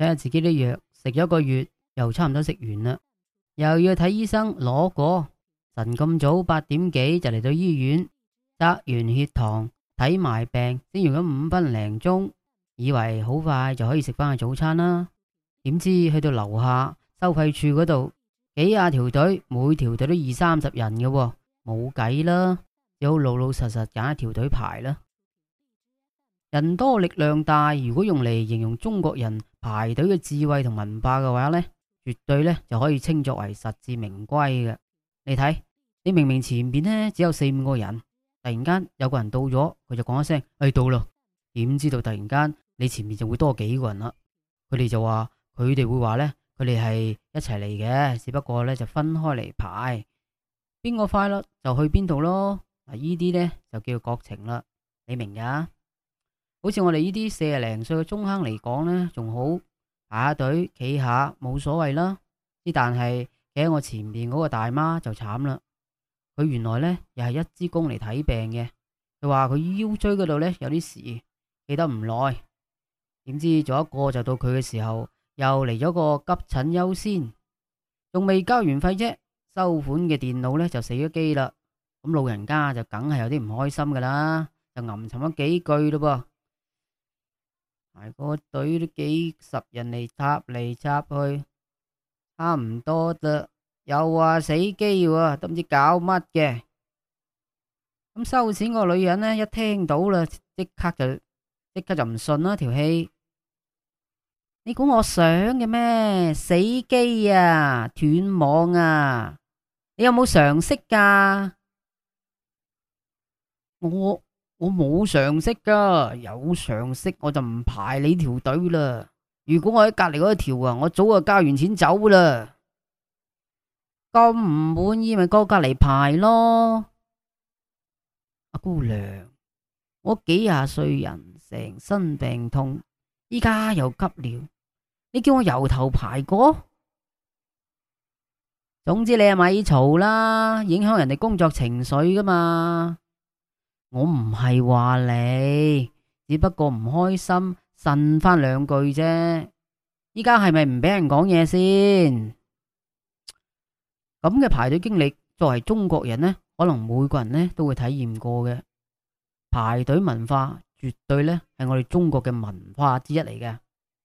睇下自己啲藥食咗一個月，又差唔多食完啦，又要睇醫生攞過。晨咁早八點幾就嚟到醫院，測完血糖睇埋病，先用咗五分零鐘，以為好快就可以食翻個早餐啦。點知去到樓下收費處嗰度，幾廿條隊，每條隊都二三十人嘅、啊，冇計啦，只好老老實實揀一條隊排啦。人多力量大，如果用嚟形容中國人排隊嘅智慧同文化嘅話呢，絕對呢就可以稱作為實至名歸嘅。你睇，你明明前面呢只有四五個人，突然間有個人到咗，佢就講一聲，去、哎、到咯，點知道突然間你前面就會多幾個人啦？佢哋就話，佢哋會話呢，佢哋係一齊嚟嘅，只不過呢就分開嚟排，邊個快啦就去邊度咯。嗱，呢啲呢就叫國情啦，你明噶、啊？好似我哋呢啲四十零歲嘅中坑嚟講咧，仲好排下隊企下冇所謂啦。之但係企喺我前面嗰個大媽就慘啦，佢原來咧又係一支公嚟睇病嘅，佢話佢腰椎嗰度咧有啲事，企得唔耐，點知做一個就到佢嘅時候，又嚟咗個急診優先，仲未交完費啫，收款嘅電腦咧就死咗機啦，咁老人家就梗係有啲唔開心噶啦，就吟沉咗幾句咯噃。排個隊都幾十人嚟插嚟插去，差唔多啦。又話死機，都唔知搞乜嘅。咁收錢個女人呢，一聽到啦，即刻就即刻就唔信啦條氣。你估我想嘅咩？死機啊，斷網啊，你有冇常識噶？我。我冇常識噶，有常識我就唔排你條隊啦。如果我喺隔籬嗰一條啊，我早就交完錢走啦。咁唔滿意咪過隔籬排咯。阿姑娘，我幾廿歲人，成身病痛，依家又急尿，你叫我由頭排過？總之你係咪嘈啦？影響人哋工作情緒噶嘛。我唔係話你，只不過唔開心，呻翻兩句啫。依家係咪唔畀人講嘢先？咁嘅排隊經歷，作為中國人呢，可能每個人呢都會體驗過嘅。排隊文化絕對呢係我哋中國嘅文化之一嚟嘅。